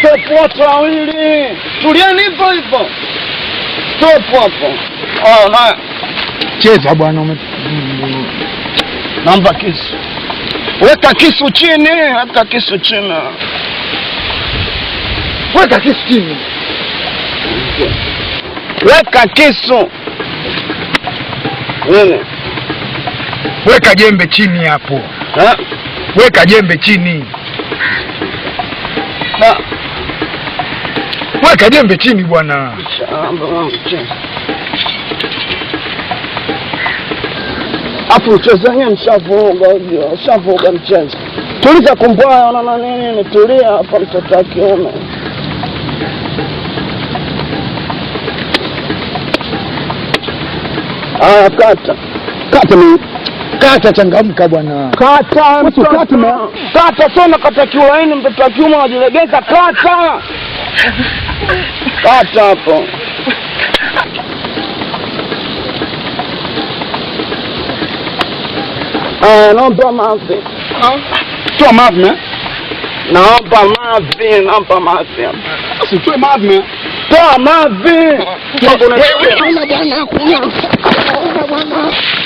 Tupo oh, hapo wawili, tulieni hivyo hivyo, tupo hapo. Haya, cheza bwana, namba kisu, weka kisu chini, weka kisu chini, weka kisu chini, weka kisu nini, weka jembe chini hapo, weka jembe chini ha. Weka jembe chini bwana. Afu uchezanya mshavoga, mshavoga mchezo. Tuliza kumbwaya na nini, nitulia hapa mtoto akiona. Ah, kata. Kata mimi. Kata changamka bwana. Kata mtu kata. Kata sana kata kiwaini mtoto akiuma wajilegeza kata. Ka chanpon A, euh, nan pa ma zin Twa mad men Nan pa ma zin Nan pa ma zin Twa mad men Twa mad men